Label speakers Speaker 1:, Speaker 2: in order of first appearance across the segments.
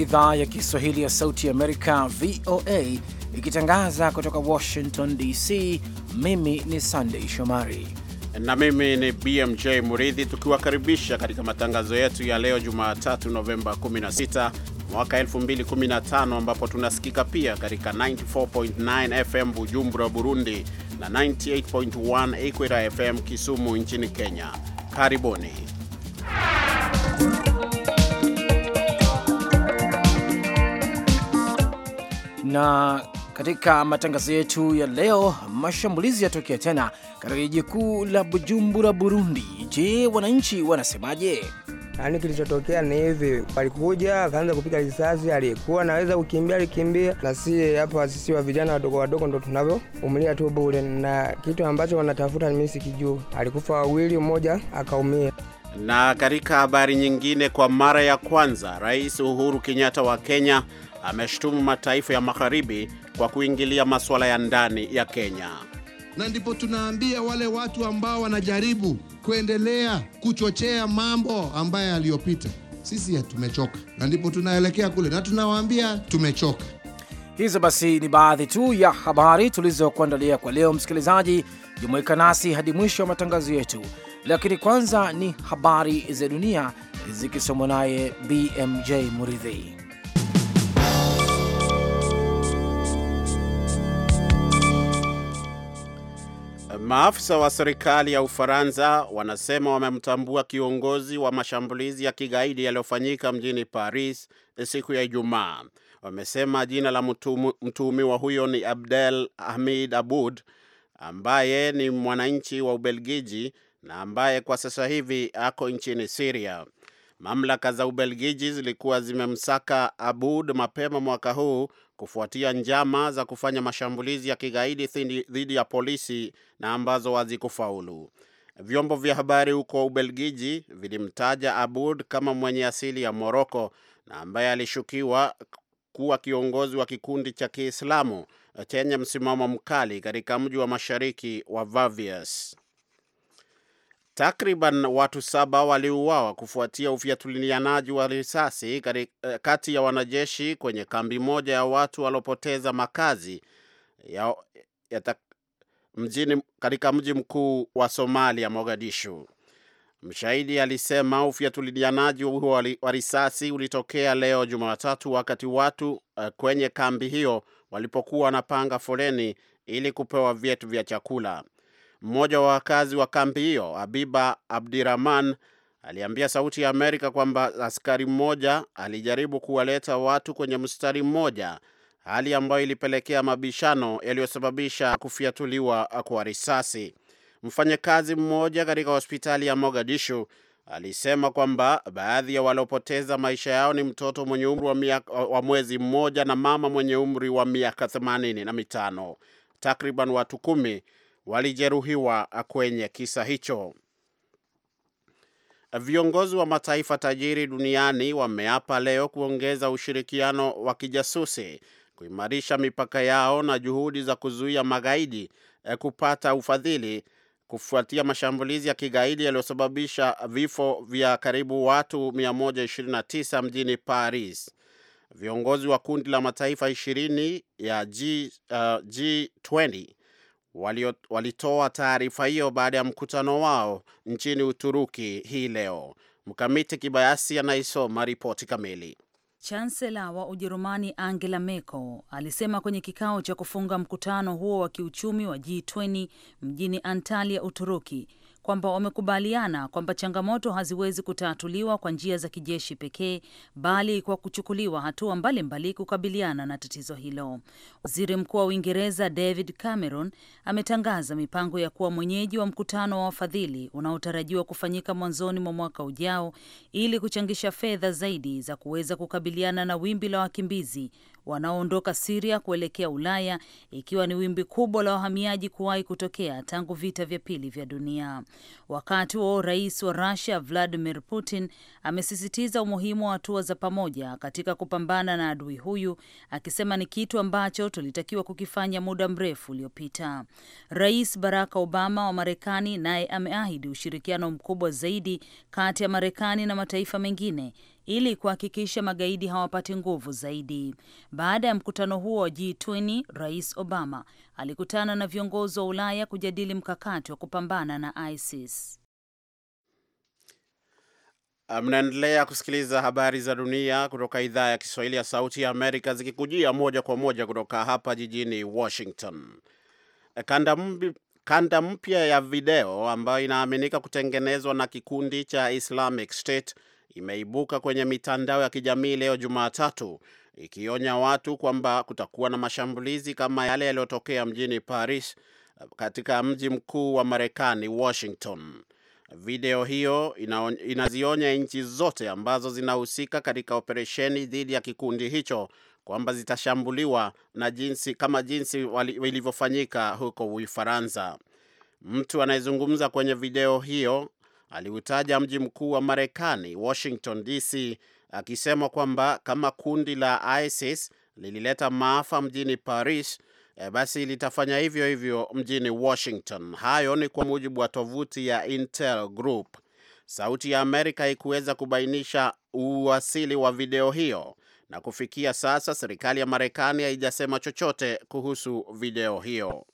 Speaker 1: idhaa ya Kiswahili ya Sauti ya Amerika, VOA, ikitangaza kutoka Washington DC. Mimi ni Sandei Shomari
Speaker 2: na mimi ni BMJ Muridhi, tukiwakaribisha katika matangazo yetu ya leo Jumatatu Novemba 16 mwaka 2015, ambapo tunasikika pia katika 94.9 FM Bujumbura, Burundi na 98.1 Equator FM Kisumu nchini Kenya. Karibuni. Na katika
Speaker 1: matangazo yetu ya leo, mashambulizi yatokea tena katika jiji kuu la Bujumbura, Burundi. Je, wananchi wanasemaje?
Speaker 3: Yaani, kilichotokea ni hivi, walikuja akaanza kupiga risasi, aliyekuwa naweza kukimbia alikimbia, na si hapa. Sisi wa vijana wadogo wadogo ndo tunavyoumilia tu bure, na kitu ambacho wanatafuta mimi sikijua. Alikufa wawili, mmoja akaumia.
Speaker 2: Na katika habari nyingine, kwa mara ya kwanza Rais Uhuru Kenyatta wa Kenya ameshutumu mataifa ya magharibi kwa kuingilia masuala ya ndani ya Kenya.
Speaker 4: Na ndipo tunaambia wale watu ambao wanajaribu kuendelea kuchochea mambo ambayo yaliyopita, sisi tumechoka, na ndipo tunaelekea kule na tunawaambia tumechoka. Hizo basi ni baadhi tu ya
Speaker 1: habari tulizokuandalia kwa leo. Msikilizaji, jumuika nasi hadi mwisho wa matangazo yetu, lakini kwanza ni habari za dunia zikisomwa naye BMJ
Speaker 2: Muridhi. Maafisa wa serikali ya Ufaransa wanasema wamemtambua kiongozi wa mashambulizi ya kigaidi yaliyofanyika mjini Paris siku ya Ijumaa. Wamesema jina la mtuhumiwa huyo ni Abdel Hamid Abud ambaye ni mwananchi wa Ubelgiji na ambaye kwa sasa hivi ako nchini siria Mamlaka za Ubelgiji zilikuwa zimemsaka Abud mapema mwaka huu kufuatia njama za kufanya mashambulizi ya kigaidi dhidi ya polisi na ambazo hazikufaulu. Vyombo vya habari huko Ubelgiji vilimtaja Abud kama mwenye asili ya Moroko na ambaye alishukiwa kuwa kiongozi wa kikundi cha Kiislamu chenye msimamo mkali katika mji wa mashariki wa Vavius. Takriban watu saba waliuawa kufuatia ufyatulianaji wa risasi eh, kati ya wanajeshi kwenye kambi moja ya watu waliopoteza makazi ya, ya ta, mjini, katika mji mkuu wa Somalia Mogadishu. Mshahidi alisema ufyatulianaji huo wa risasi ulitokea leo Jumatatu wakati watu eh, kwenye kambi hiyo walipokuwa wanapanga foleni ili kupewa vyetu vya chakula. Mmoja wa wakazi wa kambi hiyo, abiba Abdirahman, aliambia Sauti ya Amerika kwamba askari mmoja alijaribu kuwaleta watu kwenye mstari mmoja, hali ambayo ilipelekea mabishano yaliyosababisha kufiatuliwa kwa risasi. Mfanyakazi mmoja katika hospitali ya Mogadishu alisema kwamba baadhi ya waliopoteza maisha yao ni mtoto mwenye umri wa, miaka, wa mwezi mmoja na mama mwenye umri wa miaka themanini na mitano. Takriban watu kumi walijeruhiwa kwenye kisa hicho. Viongozi wa mataifa tajiri duniani wameapa leo kuongeza ushirikiano wa kijasusi, kuimarisha mipaka yao na juhudi za kuzuia magaidi eh, kupata ufadhili kufuatia mashambulizi ya kigaidi yaliyosababisha vifo vya karibu watu 129 mjini Paris. Viongozi wa kundi la mataifa ishirini ya G, uh, eh, G20 walitoa taarifa hiyo baada ya mkutano wao nchini Uturuki hii leo. Mkamiti Kibayasi anaisoma ripoti kamili.
Speaker 5: Chansela wa Ujerumani Angela Merkel alisema kwenye kikao cha kufunga mkutano huo wa kiuchumi wa G20 mjini Antalya, Uturuki, kwamba wamekubaliana kwamba changamoto haziwezi kutatuliwa kwa njia za kijeshi pekee, bali kwa kuchukuliwa hatua mbalimbali kukabiliana na tatizo hilo. Waziri Mkuu wa Uingereza David Cameron ametangaza mipango ya kuwa mwenyeji wa mkutano wa wafadhili unaotarajiwa kufanyika mwanzoni mwa mwaka ujao ili kuchangisha fedha zaidi za kuweza kukabiliana na wimbi la wakimbizi wanaoondoka Siria kuelekea Ulaya, ikiwa ni wimbi kubwa la wahamiaji kuwahi kutokea tangu vita vya pili vya dunia. Wakati huo rais wa Rusia Vladimir Putin amesisitiza umuhimu wa hatua za pamoja katika kupambana na adui huyu, akisema ni kitu ambacho tulitakiwa kukifanya muda mrefu uliopita. Rais Barack Obama wa Marekani naye ameahidi ushirikiano mkubwa zaidi kati ya Marekani na mataifa mengine ili kuhakikisha magaidi hawapati nguvu zaidi. Baada ya mkutano huo wa G20, Rais Obama alikutana na viongozi wa Ulaya kujadili mkakati wa kupambana na ISIS.
Speaker 2: Ah, mnaendelea kusikiliza habari za dunia kutoka idhaa ya Kiswahili ya Sauti ya Amerika, zikikujia moja kwa moja kutoka hapa jijini Washington. Eh, kanda mpya ya video ambayo inaaminika kutengenezwa na kikundi cha Islamic State imeibuka kwenye mitandao ya kijamii leo Jumatatu ikionya watu kwamba kutakuwa na mashambulizi kama yale yaliyotokea mjini Paris katika mji mkuu wa Marekani Washington. Video hiyo inazionya nchi zote ambazo zinahusika katika operesheni dhidi ya kikundi hicho kwamba zitashambuliwa na jinsi kama jinsi ilivyofanyika huko Ufaransa. Mtu anayezungumza kwenye video hiyo aliutaja mji mkuu wa Marekani, Washington DC, akisema kwamba kama kundi la ISIS lilileta maafa mjini Paris, e, basi litafanya hivyo hivyo mjini Washington. Hayo ni kwa mujibu wa tovuti ya Intel Group. Sauti ya Amerika haikuweza kubainisha uwasili wa video hiyo, na kufikia sasa serikali ya Marekani haijasema chochote kuhusu video hiyo.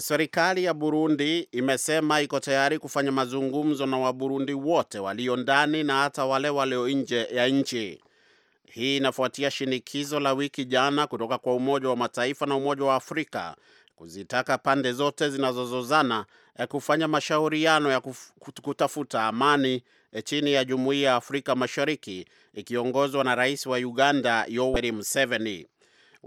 Speaker 2: Serikali ya Burundi imesema iko tayari kufanya mazungumzo na Waburundi wote walio ndani na hata wale walio nje ya nchi. Hii inafuatia shinikizo la wiki jana kutoka kwa Umoja wa Mataifa na Umoja wa Afrika kuzitaka pande zote zinazozozana eh, kufanya mashauriano ya kutafuta amani eh, chini ya Jumuiya ya Afrika Mashariki ikiongozwa na Rais wa Uganda Yoweri Museveni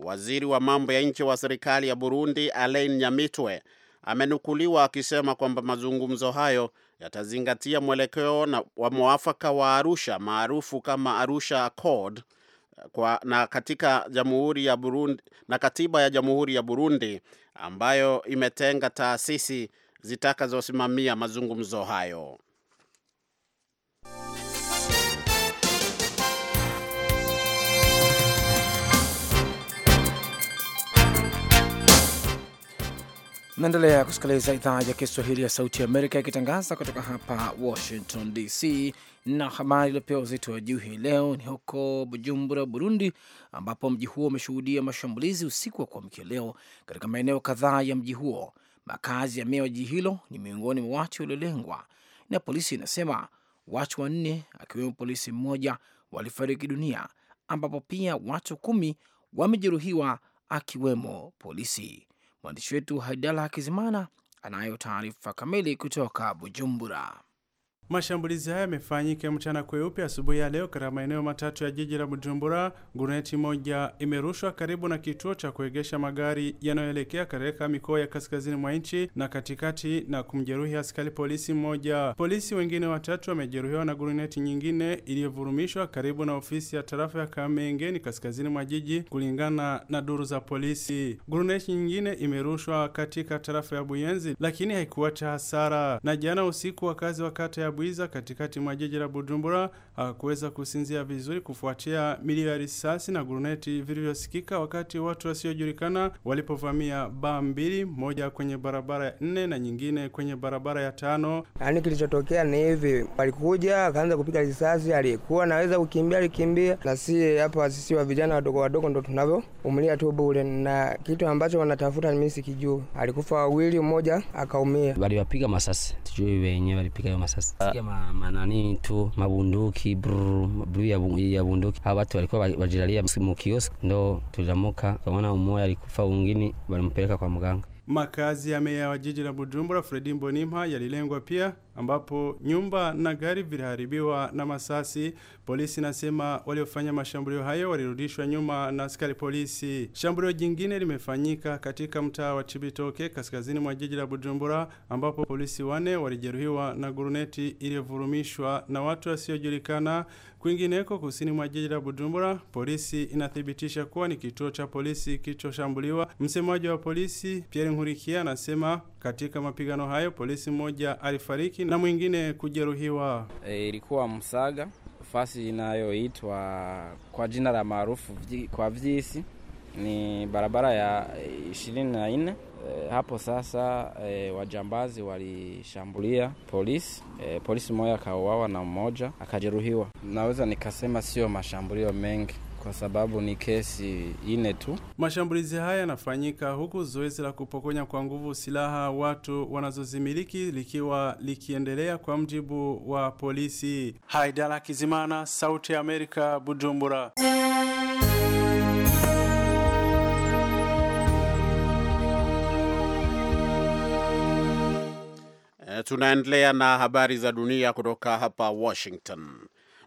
Speaker 2: waziri wa mambo ya nje wa serikali ya Burundi Alain Nyamitwe amenukuliwa akisema kwamba mazungumzo hayo yatazingatia mwelekeo na wa mwafaka wa Arusha maarufu kama Arusha Accord kwa, na katika Jamhuri ya Burundi, na katiba ya Jamhuri ya Burundi ambayo imetenga taasisi zitakazosimamia mazungumzo hayo.
Speaker 1: Naendelea kusikiliza idhaa ya Kiswahili ya Sauti ya Amerika ikitangaza kutoka hapa Washington DC, na habari iliyopewa uzito wa juu hii leo ni huko Bujumbura, Burundi, ambapo mji huo umeshuhudia mashambulizi usiku wa kuamkia leo katika maeneo kadhaa ya mji huo. Makazi ya meya wa jiji hilo ni miongoni mwa watu waliolengwa, na polisi inasema watu wanne akiwemo polisi mmoja walifariki dunia, ambapo pia watu kumi wamejeruhiwa akiwemo polisi. Mwandishi wetu Haidala Kizimana anayo taarifa kamili
Speaker 6: kutoka Bujumbura. Mashambulizi haya yamefanyika mchana kweupe asubuhi ya leo katika maeneo matatu ya jiji la Bujumbura. Guruneti moja imerushwa karibu na kituo cha kuegesha magari yanayoelekea katika mikoa ya kaskazini mwa nchi na katikati, na kumjeruhi askari polisi mmoja. Polisi wengine watatu wamejeruhiwa na guruneti nyingine iliyovurumishwa karibu na ofisi ya tarafa ya Kamengeni, kaskazini mwa jiji, kulingana na duru za polisi. Guruneti nyingine imerushwa katika tarafa ya Buyenzi, lakini haikuacha hasara. Na jana usiku wakazi wa kata ya Bwiza katikati mwa jiji la Bujumbura hawakuweza kusinzia vizuri kufuatia milio ya risasi na guruneti vilivyosikika wakati watu wasiojulikana walipovamia baa mbili, moja kwenye barabara ya nne na nyingine kwenye barabara ya tano.
Speaker 3: Yaani kilichotokea ni hivi, walikuja akaanza kupiga risasi, aliyekuwa naweza kukimbia alikimbia, na si hapa sisi wa vijana wadogo wadogo ndo tunavyo tu bure, na kitu ambacho wanatafuta mimi kijuu Alikufa wawili, mmoja akaumia,
Speaker 1: waliwapiga masasi, sijui wenyewe walipiga hiyo masasi nasikia manani tu mabunduki bluu ya, ya bunduki hao watu walikuwa bajiralia mu kiosk ndo tuliamuka tukaona umoya
Speaker 7: alikufa ungini walimpeleka kwa mganga
Speaker 6: Makazi ya meya wa jiji la Bujumbura Fredi Mbonimpa yalilengwa pia, ambapo nyumba na gari viliharibiwa na masasi. Polisi inasema waliofanya mashambulio hayo walirudishwa nyuma na askari polisi. Shambulio jingine limefanyika katika mtaa wa Chibitoke kaskazini mwa jiji la Bujumbura, ambapo polisi wane walijeruhiwa na guruneti iliyovurumishwa na watu wasiojulikana. Kwingineko, kusini mwa jiji la Bujumbura, polisi inathibitisha kuwa ni kituo cha polisi kilichoshambuliwa. Msemaji wa polisi Pierre Nkurikia anasema katika mapigano hayo polisi mmoja alifariki na mwingine kujeruhiwa. E, ilikuwa Msaga fasi inayoitwa kwa jina la maarufu kwa Vyisi, ni barabara
Speaker 1: ya ishirini na nne E, hapo sasa e, wajambazi walishambulia polisi e, polisi mmoja akauawa na mmoja akajeruhiwa. Naweza nikasema sio mashambulio mengi kwa sababu ni kesi ine tu.
Speaker 6: Mashambulizi haya yanafanyika huku zoezi la kupokonya kwa nguvu silaha watu wanazozimiliki likiwa likiendelea kwa mjibu wa polisi. Haidara Kizimana, Sauti ya Amerika, Bujumbura.
Speaker 2: Tunaendelea na habari za dunia kutoka hapa Washington.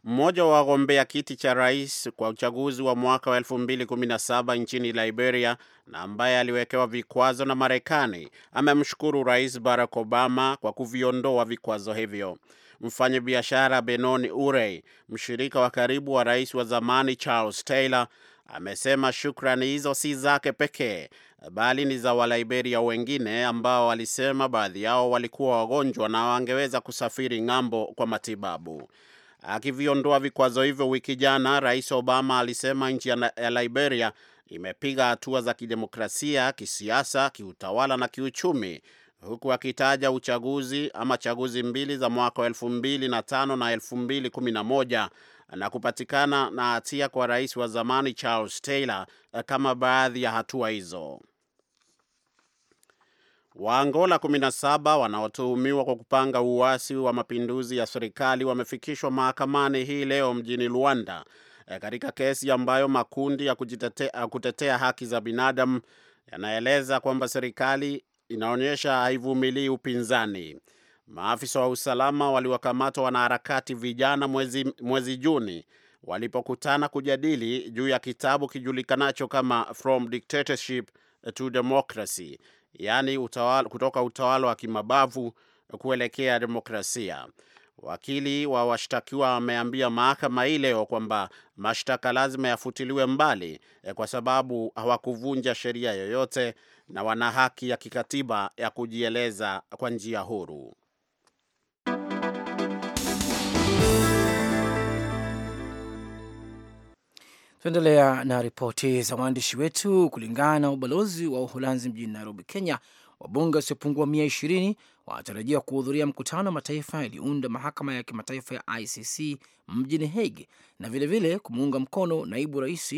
Speaker 2: Mmoja wa wagombea kiti cha rais kwa uchaguzi wa mwaka wa 2017 nchini Liberia na ambaye aliwekewa vikwazo na Marekani amemshukuru Rais Barack Obama kwa kuviondoa vikwazo hivyo. Mfanyabiashara Benoni Urey, mshirika wa karibu wa rais wa zamani Charles Taylor, amesema shukrani hizo si zake pekee bali ni za Waliberia wengine ambao walisema baadhi yao walikuwa wagonjwa na wangeweza kusafiri ng'ambo kwa matibabu. Akiviondoa vikwazo hivyo wiki jana, Rais Obama alisema nchi ya Liberia imepiga hatua za kidemokrasia, kisiasa, kiutawala na kiuchumi, huku akitaja uchaguzi ama chaguzi mbili za mwaka wa elfu mbili na tano na elfu mbili kumi na moja na kupatikana na hatia kwa rais wa zamani Charles Taylor eh, kama baadhi ya hatua hizo. Waangola 17 wanaotuhumiwa kwa kupanga uasi wa mapinduzi ya serikali wamefikishwa mahakamani hii leo mjini Luanda eh, katika kesi ambayo makundi ya kujitetea, eh, kutetea haki za binadamu yanaeleza kwamba serikali inaonyesha haivumilii upinzani. Maafisa wa usalama waliwakamata wanaharakati vijana mwezi, mwezi Juni walipokutana kujadili juu ya kitabu kijulikanacho kama From Dictatorship to Democracy, yaani utawala, kutoka utawala wa kimabavu kuelekea demokrasia. Wakili wa washtakiwa wameambia mahakama hii leo kwamba mashtaka lazima yafutiliwe mbali e, kwa sababu hawakuvunja sheria yoyote na wana haki ya kikatiba ya kujieleza kwa njia huru.
Speaker 1: Tunaendelea na ripoti za waandishi wetu. Kulingana na ubalozi wa Uholanzi mjini Nairobi, Kenya, wabunge wasiopungua mia ishirini wanatarajiwa kuhudhuria mkutano wa mataifa yaliyounda mahakama ya kimataifa ya ICC mjini Hague na vilevile kumuunga mkono naibu rais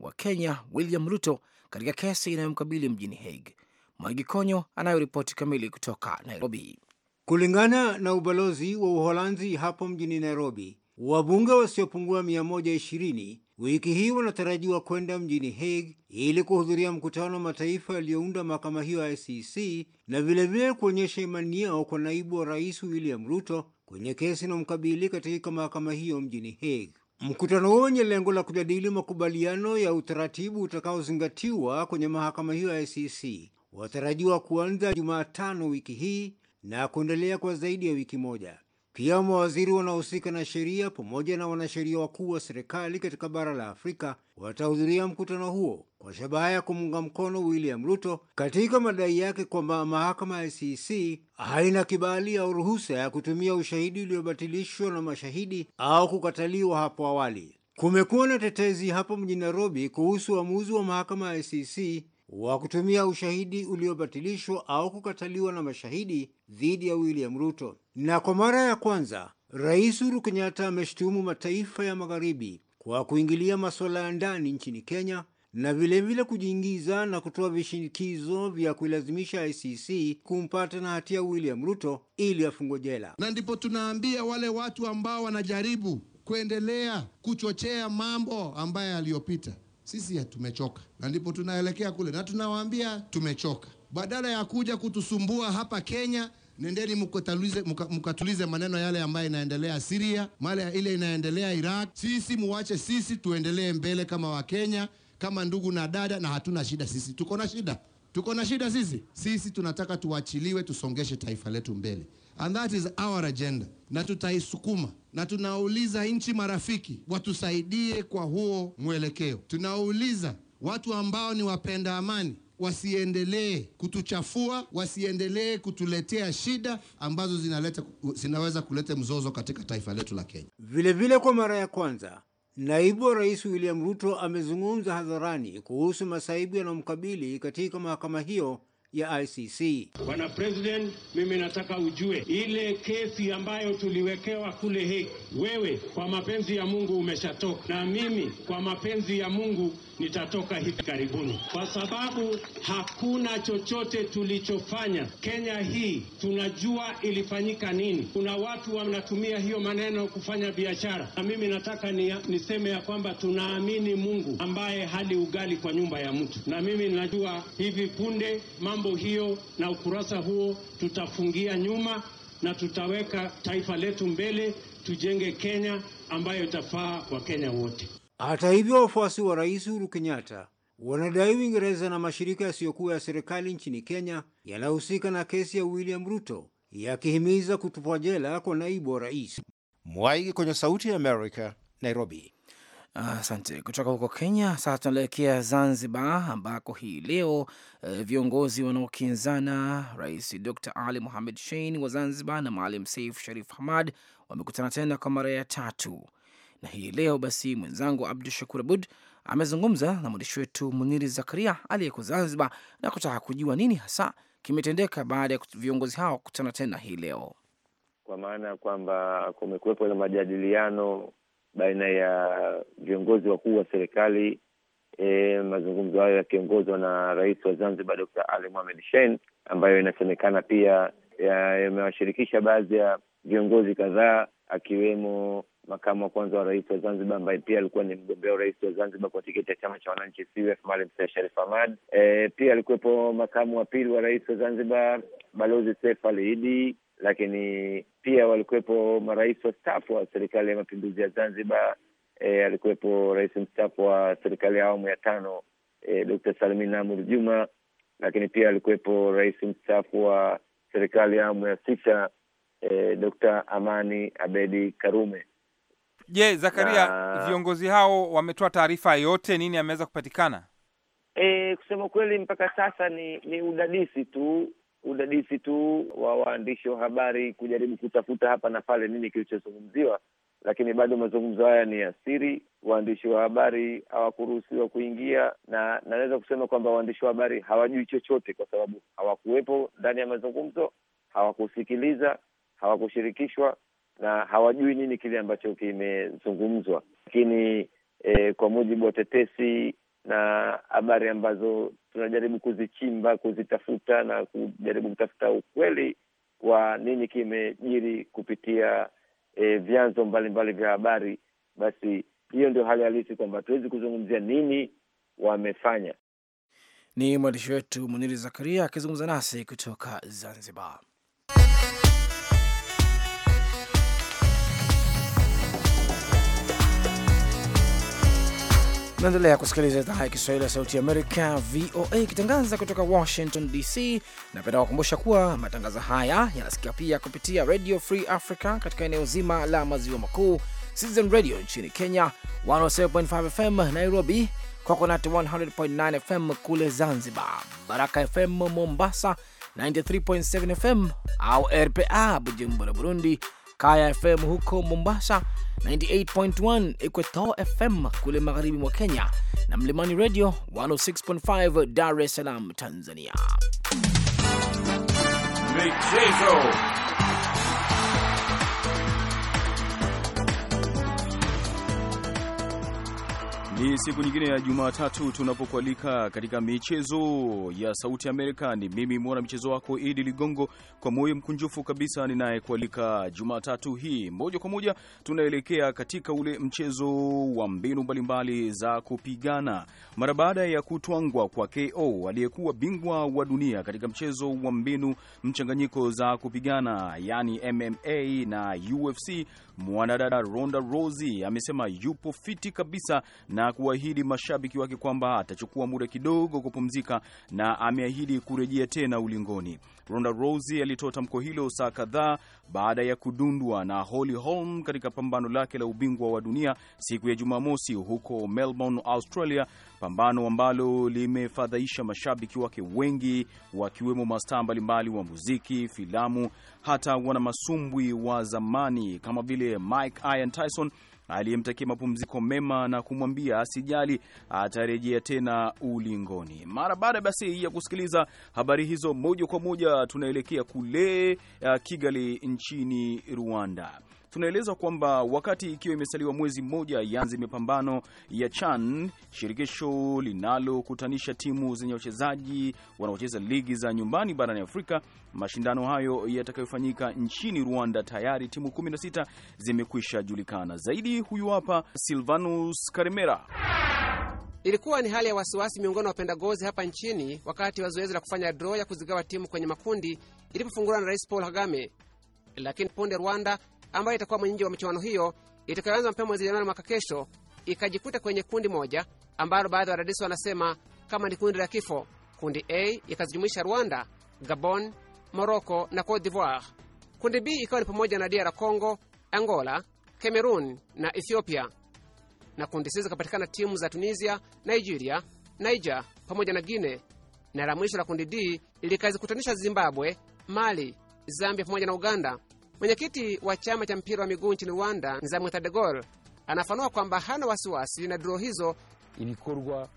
Speaker 1: wa Kenya William Ruto katika kesi inayomkabili mjini Hague. Mwangi Konyo anayo ripoti kamili kutoka Nairobi.
Speaker 3: Kulingana na ubalozi wa Uholanzi hapo mjini Nairobi, wabunge wasiopungua 120 Wiki hii wanatarajiwa kwenda mjini Hague ili kuhudhuria mkutano wa mataifa yaliyounda mahakama hiyo ya ICC na vilevile kuonyesha imani yao kwa naibu wa rais William Ruto kwenye kesi na mkabili katika mahakama hiyo mjini Hague. Mkutano huo wenye lengo la kujadili makubaliano ya utaratibu utakaozingatiwa kwenye mahakama hiyo ya ICC watarajiwa kuanza Jumatano wiki hii na kuendelea kwa zaidi ya wiki moja. Pia mawaziri wanaohusika na sheria pamoja na wanasheria wakuu wa serikali katika bara la Afrika watahudhuria mkutano huo kwa shabaha ya kumuunga mkono William Ruto katika madai yake kwamba mahakama ya ICC haina kibali au ruhusa ya kutumia ushahidi uliobatilishwa na mashahidi au kukataliwa hapo awali. Kumekuwa na tetezi hapo mjini Nairobi kuhusu uamuzi wa mahakama ya ICC wa kutumia ushahidi uliobatilishwa au kukataliwa na mashahidi dhidi ya William Ruto. Na kwa mara ya kwanza Rais Uhuru Kenyatta ameshtumu mataifa ya magharibi kwa kuingilia masuala ya ndani nchini Kenya na vilevile kujiingiza na kutoa vishinikizo vya kuilazimisha ICC kumpata na hatia William Ruto ili afungwe
Speaker 4: jela. Na ndipo tunaambia wale watu ambao wanajaribu kuendelea kuchochea mambo ambayo yaliyopita sisi tumechoka, na ndipo tunaelekea kule, na tunawaambia tumechoka. Badala ya kuja kutusumbua hapa Kenya, nendeni mkatulize, mkatulize maneno yale ambayo inaendelea Syria, mali ile inaendelea Iraq. Sisi muwache sisi tuendelee mbele kama Wakenya, kama ndugu na dada, na hatuna shida sisi. Tuko na shida, tuko na shida sisi. Sisi tunataka tuachiliwe, tusongeshe taifa letu mbele, and that is our agenda na tutaisukuma na tunauliza nchi marafiki watusaidie kwa huo mwelekeo. Tunauliza watu ambao ni wapenda amani wasiendelee kutuchafua, wasiendelee kutuletea shida ambazo zinaleta, zinaweza kuleta mzozo katika taifa letu la Kenya. Vilevile vile kwa mara ya kwanza
Speaker 3: Naibu wa Rais William Ruto amezungumza hadharani kuhusu masaibu yanayomkabili katika mahakama hiyo ya ICC. Bwana President, mimi nataka ujue ile kesi ambayo tuliwekewa kule Hague, wewe kwa mapenzi ya Mungu umeshatoka na mimi kwa mapenzi ya Mungu nitatoka hivi karibuni, kwa sababu hakuna chochote tulichofanya. Kenya hii tunajua ilifanyika nini. Kuna watu wanatumia hiyo maneno kufanya biashara, na mimi nataka ni,
Speaker 6: niseme ya kwamba tunaamini Mungu ambaye hali ugali kwa nyumba ya mtu, na mimi najua hivi punde mambo mambo hiyo na ukurasa huo tutafungia nyuma
Speaker 3: na tutaweka taifa letu mbele, tujenge Kenya ambayo itafaa Wakenya wote. Hata hivyo, wafuasi wa Rais Uhuru Kenyatta wanadai Uingereza na mashirika yasiyokuwa ya serikali nchini Kenya yanahusika na kesi ya William Ruto, yakihimiza kutupwa jela kwa naibu wa rais. Mwaigi kwenye Sauti ya Amerika, Nairobi.
Speaker 1: Asante. Kutoka huko Kenya sasa tunaelekea Zanzibar, ambako hii leo eh, viongozi wanaokinzana Rais Dr Ali muhamed Shein wa Zanzibar na Maalim Seif Sharif Hamad wamekutana tena kwa mara ya tatu, na hii leo basi mwenzangu Abdu Shakur Abud amezungumza na mwandishi wetu Muniri Zakaria aliyeko Zanzibar na kutaka kujua nini hasa kimetendeka baada ya viongozi hao kukutana tena hii leo,
Speaker 8: kwa maana ya kwamba kumekuwepo na majadiliano baina ya viongozi wakuu wa serikali e, mazungumzo hayo yakiongozwa na rais wa Zanzibar dr Ali Mohamed Shein, ambayo inasemekana pia yamewashirikisha ya baadhi ya viongozi kadhaa akiwemo makamu wa kwanza wa rais wa Zanzibar ambaye pia alikuwa ni mgombea rais wa Zanzibar kwa tiketi ya chama cha wananchi CUF Maalim Seif Sharif Hamad. E, pia alikuwepo makamu wa pili wa rais wa Zanzibar Balozi Seif Ali lakini pia walikuwepo marais wastaafu wa serikali ya mapinduzi ya Zanzibar. E, alikuwepo rais mstaafu wa serikali ya awamu ya tano e, Dkt. Salmin Amur Juma, lakini pia alikuwepo rais mstaafu wa serikali ya awamu ya sita e, Dkt. Amani Abedi Karume.
Speaker 7: Je, Zakaria, na...
Speaker 9: viongozi hao wametoa taarifa yote, nini ameweza kupatikana?
Speaker 8: E, kusema kweli mpaka sasa ni, ni udadisi tu udadisi tu wa waandishi wa habari kujaribu kutafuta hapa na pale nini kilichozungumziwa, lakini bado mazungumzo haya ni ya siri. Waandishi wa habari hawakuruhusiwa kuingia, na naweza kusema kwamba waandishi wa habari hawajui chochote, kwa sababu hawakuwepo ndani ya mazungumzo, hawakusikiliza, hawakushirikishwa na hawajui nini kile ambacho kimezungumzwa. Lakini eh, kwa mujibu wa tetesi na habari ambazo tunajaribu kuzichimba, kuzitafuta na kujaribu kutafuta ukweli wa nini kimejiri kupitia e, vyanzo mbalimbali vya habari. Basi hiyo ndio hali halisi, kwamba tuwezi kuzungumzia nini wamefanya. Ni mwandishi wetu
Speaker 1: Muniri Zakaria akizungumza nasi kutoka Zanzibar. Naendelea kusikiliza idhaa ya Kiswahili ya Sauti Amerika, VOA, ikitangaza kutoka Washington DC. Napenda kukumbusha kuwa matangazo haya yanasikia pia kupitia Radio Free Africa katika eneo zima la maziwa makuu, Citizen Radio nchini Kenya 107.5 FM Nairobi, Coconut 100.9 FM kule Zanzibar, Baraka FM Mombasa 93.7 FM au RPA Bujumbura, Burundi, Kaya FM huko Mombasa 98.1 Equator FM kule magharibi mwa Kenya na Mlimani Radio 106.5 Dar es Salaam, Tanzania.
Speaker 6: Michezo
Speaker 9: Ni siku nyingine ya Jumatatu tunapokualika katika michezo ya Sauti Amerika. Ni mimi mwana michezo wako Idi Ligongo, kwa moyo mkunjufu kabisa ninayekualika Jumatatu hii. Moja kwa moja tunaelekea katika ule mchezo wa mbinu mbalimbali za kupigana. Mara baada ya kutwangwa kwa KO aliyekuwa bingwa wa dunia katika mchezo wa mbinu mchanganyiko za kupigana, yani MMA na UFC, Mwanadada Ronda Rosi amesema yupo fiti kabisa na kuahidi mashabiki wake kwamba atachukua muda kidogo kupumzika na ameahidi kurejea tena ulingoni. Ronda Rosi alitoa tamko hilo saa kadhaa baada ya kudundwa na Holly Holm katika pambano lake la ubingwa wa dunia siku ya Jumamosi huko Melbourne, Australia, pambano ambalo limefadhaisha mashabiki wake wengi wakiwemo mastaa mbalimbali wa muziki, filamu, hata wanamasumbwi wa zamani kama vile vilevile Mike Ian Tyson aliyemtakia mapumziko mema na kumwambia asijali atarejea tena ulingoni. Mara baada basi ya kusikiliza habari hizo, moja kwa moja tunaelekea kule uh, Kigali nchini Rwanda tunaeleza kwamba wakati ikiwa imesaliwa mwezi mmoja yanze mapambano ya CHAN, shirikisho linalokutanisha timu zenye wachezaji wanaocheza ligi za nyumbani barani Afrika. Mashindano hayo yatakayofanyika nchini Rwanda, tayari timu 16 zimekwisha julikana. Zaidi huyu hapa Silvanus
Speaker 7: Karimera. Ilikuwa ni hali ya wasiwasi miongoni wa wapenda gozi hapa nchini wakati wa zoezi la kufanya draw ya kuzigawa timu kwenye makundi ilipofungulwa na Rais Paul Kagame, lakini punde Rwanda ambayo itakuwa mwenyeji wa michuano hiyo itakayoanza mapema mwezi Januari mwaka kesho, ikajikuta kwenye kundi moja ambalo baadhi ya wadadisi wanasema kama ni kundi la kifo. Kundi A ikazijumuisha Rwanda, Gabon, Moroko na Cote d'Ivoire. Kundi B ikawa ni pamoja na DR Congo, Angola, Cameroon na Ethiopia, na kundi C zikapatikana timu za Tunisia, Nigeria, Niger pamoja na Guine, na la mwisho la kundi D likazikutanisha Zimbabwe, Mali, Zambia pamoja na Uganda Mwenyekiti wa chama cha mpira wa miguu nchini Rwanda, Nzamwe Tadegol, anafanua kwamba hana wasiwasi na duro hizo. Ibikorwa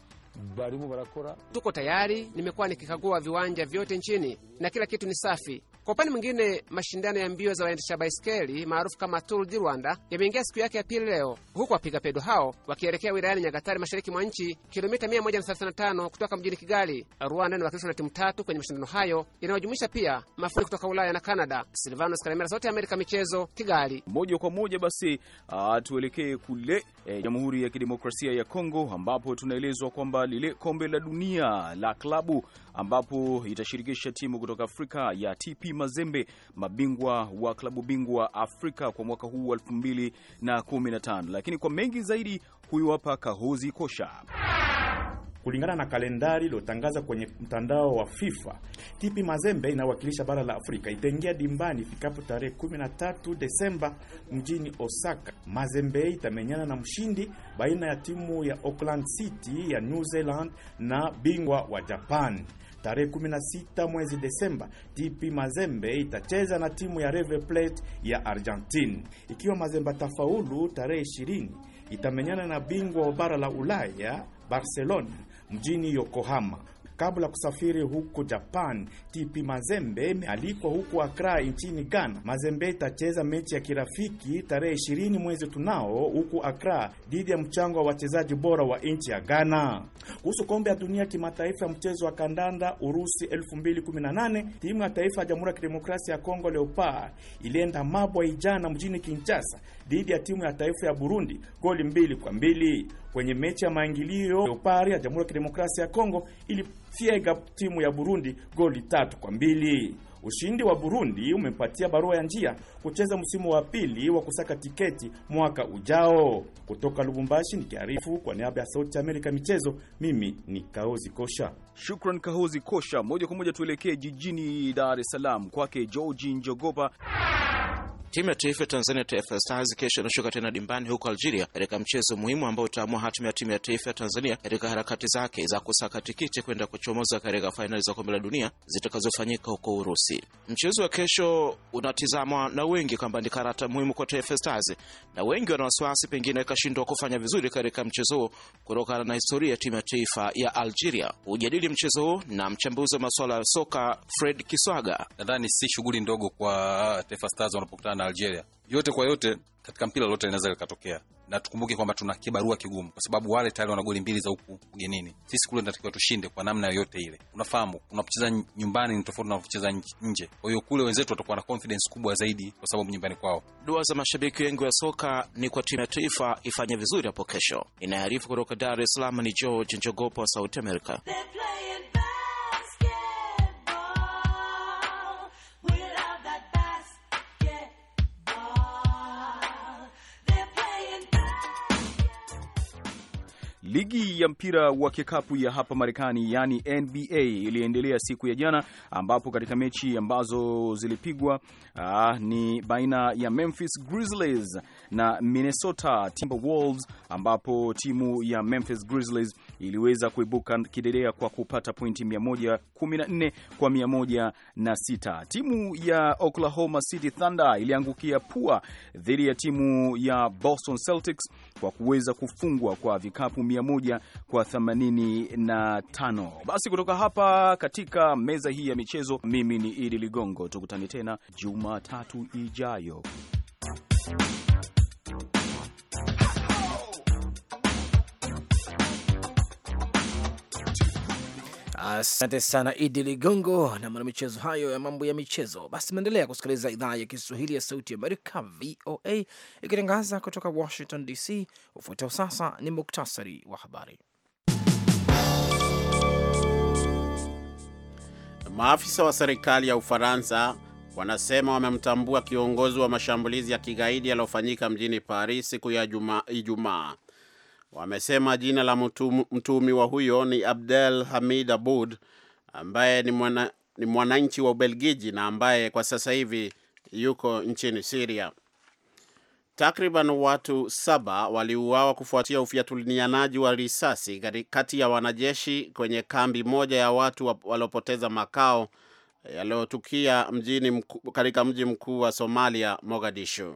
Speaker 7: barimu barakora, tuko tayari, nimekuwa nikikagua viwanja vyote nchini na kila kitu ni safi. Kwa upande mwingine, mashindano ya mbio za waendesha baiskeli maarufu kama Tour du Rwanda yameingia siku yake ya pili leo, huku wapiga pedo hao wakielekea wilayani Nyagatari, mashariki mwa nchi, kilomita 135 kutoka mjini Kigali. Rwanda inawakilishwa na timu tatu kwenye mashindano hayo yanayojumuisha pia mafundi kutoka Ulaya na canada Silvanos Kalemera, Sauti ya Amerika, michezo, Kigali.
Speaker 9: Moja kwa moja basi ah, tuelekee kule eh, Jamhuri ya Kidemokrasia ya Kongo, ambapo tunaelezwa kwamba lile kombe la dunia la klabu ambapo itashirikisha timu kutoka Afrika ya TP Mazembe, mabingwa wa klabu bingwa Afrika kwa mwaka huu wa 2015. Lakini kwa mengi zaidi, huyu hapa Kahozi Kosha. Kulingana na kalendari iliyotangaza kwenye
Speaker 10: mtandao wa FIFA, TP Mazembe inawakilisha bara la Afrika, itaingia dimbani ifikapo tarehe 13 Desemba mjini Osaka. Mazembe itamenyana na mshindi baina ya timu ya Auckland City ya New Zealand na bingwa wa Japan. Tarehe 16 mwezi Desemba, TP Mazembe itacheza na timu ya River Plate ya Argentine. Ikiwa Mazembe tafaulu, tarehe 20 itamenyana na bingwa wa bara la Ulaya Barcelona mjini Yokohama. Kabla ya kusafiri huko Japan, TP Mazembe imealikwa huko Accra nchini Ghana. Mazembe itacheza mechi ya kirafiki tarehe 20 mwezi tunao huko Accra dhidi ya mchango wa wachezaji bora wa nchi ya Ghana. Kuhusu kombe ya dunia kimataifa ya mchezo wa kandanda Urusi 2018, timu ya taifa ya Jamhuri ya Kidemokrasia ya Kongo Leopard ilienda mabwa ijana mjini Kinshasa dhidi ya timu ya taifa ya Burundi goli mbili kwa mbili kwenye mechi ya maingilio. Leopari ya Jamhuri ya Kidemokrasia ya Kongo ilifyega timu ya Burundi goli tatu kwa mbili. Ushindi wa Burundi umepatia barua ya njia kucheza msimu wa pili wa kusaka tiketi mwaka ujao. Kutoka Lubumbashi nikiarifu kwa niaba ya Sauti ya Amerika michezo, mimi ni Kaozi Kosha.
Speaker 9: Shukran Kaozi Kosha. Moja kwa moja tuelekee jijini Dar es Salaam kwake Georgi Njogopa.
Speaker 10: Timu ya taifa ya Tanzania, Taifa Stars, kesho inashuka tena dimbani huko Algeria katika mchezo muhimu ambao utaamua hatima ya timu ya taifa ya Tanzania katika harakati zake za kusaka tikiti kwenda kuchomoza katika fainali za kombe la dunia zitakazofanyika huko Urusi. Mchezo wa kesho unatizamwa na wengi kwamba ni karata muhimu kwa Taifa Stars, na wengi wana wasiwasi pengine ikashindwa kufanya vizuri katika mchezo huo kutokana na historia ya timu ya taifa ya Algeria. Hujadili mchezo huo na mchambuzi wa masuala ya soka Fred Kiswaga.
Speaker 9: Nadhani si shughuli ndogo kwa Taifa Stars wanapokutana na Algeria. Yote kwa yote, katika mpira lolote linaweza likatokea, na tukumbuke kwamba tuna kibarua kigumu, kwa sababu wale tayari wana goli mbili za huku ugenini. Sisi kule tunatakiwa tushinde kwa namna yoyote ile. Unafahamu, unapocheza nyumbani ni tofauti na unapocheza nje. Kwa hiyo kule wenzetu watakuwa na confidence kubwa zaidi, kwa sababu nyumbani kwao.
Speaker 10: Dua za mashabiki wengi wa soka ni kwa timu ya taifa ifanye vizuri hapo kesho. Inaarifu kutoka Dar es Salaam ni George Njogopa wa Sauti Amerika.
Speaker 9: Ligi ya mpira wa kikapu ya hapa Marekani yaani NBA iliendelea siku ya jana, ambapo katika mechi ambazo zilipigwa ah, ni baina ya Memphis Grizzlies na Minnesota Timberwolves, ambapo timu ya Memphis Grizzlies iliweza kuibuka kidedea kwa kupata pointi 114 kwa 106. Timu ya Oklahoma City Thunder iliangukia pua dhidi ya timu ya Boston Celtics kwa kuweza kufungwa kwa vikapu 100 kwa 85. Basi kutoka hapa katika meza hii ya michezo, mimi ni Idi Ligongo, tukutane tena Jumatatu
Speaker 1: ijayo. Asante sana Idi Ligongo na mwanamichezo hayo ya mambo ya michezo. Basi maendelea kusikiliza idhaa ya Kiswahili ya Sauti ya Amerika, VOA, ikitangaza kutoka Washington DC. Ufuatao sasa ni muktasari wa habari.
Speaker 2: Maafisa wa serikali ya Ufaransa wanasema wamemtambua kiongozi wa mashambulizi ya kigaidi yaliyofanyika mjini Paris siku ya Ijumaa wamesema jina la mtuhumiwa huyo ni Abdel Hamid Abud ambaye ni, ni mwananchi wa Ubelgiji na ambaye kwa sasa hivi yuko nchini Siria. Takriban watu saba waliuawa kufuatia ufyatulianaji wa risasi kati ya wanajeshi kwenye kambi moja ya watu waliopoteza makao yaliyotukia katika mji mkuu wa Somalia, Mogadishu.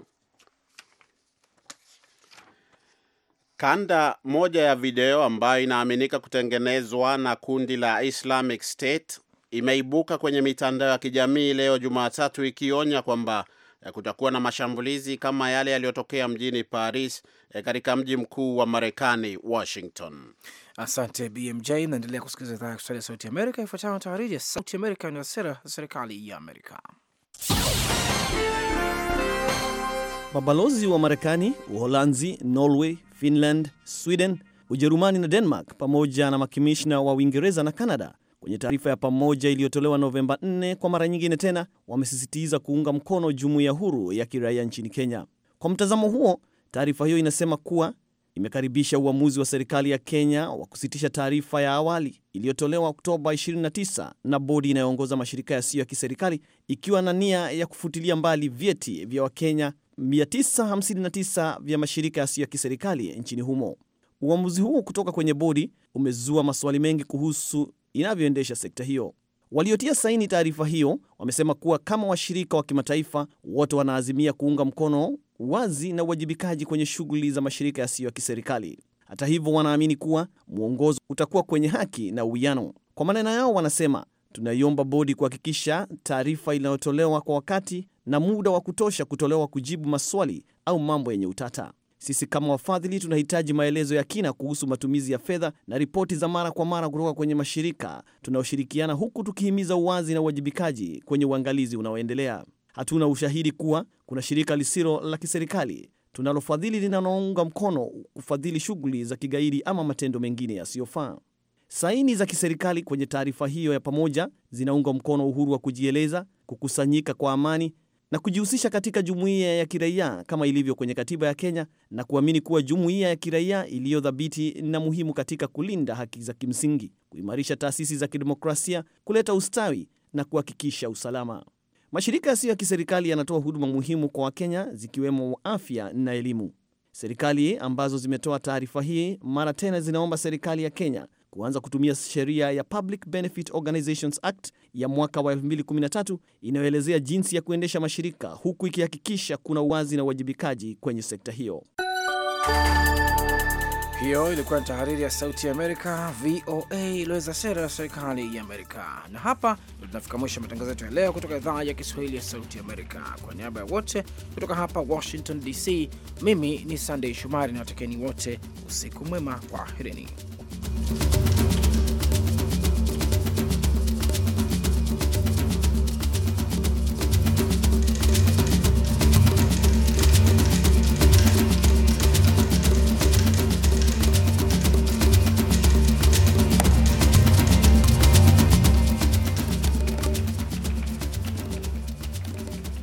Speaker 2: Kanda moja ya video ambayo inaaminika kutengenezwa na kundi la Islamic State imeibuka kwenye mitandao ya kijamii leo Jumatatu ikionya kwamba eh, kutakuwa na mashambulizi kama yale yaliyotokea mjini Paris eh, katika mji mkuu wa Marekani, Washington.
Speaker 1: Asante BMJ. Naendelea kusikiliza idhaa ya Kiswahili ya Sauti Amerika. Ifuatayo tahariri ya Sauti Amerika na sera za serikali ya Amerika.
Speaker 11: Mabalozi wa Marekani, Uholanzi, Norway, Finland, Sweden, Ujerumani na Denmark pamoja na makimishna wa Uingereza na Kanada kwenye taarifa ya pamoja iliyotolewa Novemba 4 kwa mara nyingine tena wamesisitiza kuunga mkono jumuiya huru ya kiraia nchini Kenya. Kwa mtazamo huo, taarifa hiyo inasema kuwa imekaribisha uamuzi wa serikali ya Kenya wa kusitisha taarifa ya awali iliyotolewa Oktoba 29 na bodi inayoongoza mashirika yasiyo ya kiserikali ikiwa na nia ya kufutilia mbali vyeti vya Wakenya 959 vya mashirika yasiyo ya kiserikali nchini humo. Uamuzi huu kutoka kwenye bodi umezua maswali mengi kuhusu inavyoendesha sekta hiyo. Waliotia saini taarifa hiyo wamesema kuwa kama washirika wa kimataifa wote wanaazimia kuunga mkono wazi na uwajibikaji kwenye shughuli za mashirika yasiyo ya kiserikali. Hata hivyo, wanaamini kuwa mwongozo utakuwa kwenye haki na uwiano. Kwa maneno yao, wanasema Tunaiomba bodi kuhakikisha taarifa inayotolewa kwa wakati na muda wa kutosha kutolewa kujibu maswali au mambo yenye utata. Sisi kama wafadhili tunahitaji maelezo ya kina kuhusu matumizi ya fedha na ripoti za mara kwa mara kutoka kwenye mashirika tunaoshirikiana huku tukihimiza uwazi na uwajibikaji kwenye uangalizi unaoendelea. Hatuna ushahidi kuwa kuna shirika lisilo la kiserikali tunalofadhili linalounga mkono kufadhili shughuli za kigaidi ama matendo mengine yasiyofaa. Saini za kiserikali kwenye taarifa hiyo ya pamoja zinaunga mkono uhuru wa kujieleza, kukusanyika kwa amani na kujihusisha katika jumuiya ya kiraia kama ilivyo kwenye katiba ya Kenya na kuamini kuwa jumuiya ya kiraia iliyodhabiti na muhimu katika kulinda haki za kimsingi, kuimarisha taasisi za kidemokrasia, kuleta ustawi na kuhakikisha usalama. Mashirika yasiyo ya kiserikali yanatoa huduma muhimu kwa Wakenya zikiwemo afya na elimu. Serikali ambazo zimetoa taarifa hii mara tena zinaomba serikali ya Kenya kuanza kutumia sheria ya Public Benefit Organizations Act ya mwaka wa 2013 inayoelezea jinsi ya kuendesha mashirika huku ikihakikisha kuna uwazi na uwajibikaji kwenye sekta hiyo.
Speaker 1: Hiyo ilikuwa ni tahariri ya Sauti ya Amerika, VOA, iliweza sera ya serikali ya Amerika. Na hapa tunafika mwisho matangazo yetu ya leo kutoka idhaa ya Kiswahili ya Sauti ya Amerika. Kwa niaba ya wote kutoka hapa Washington DC, mimi ni Sandey Shumari na watakeni wote, usiku mwema, kwa kwaherini.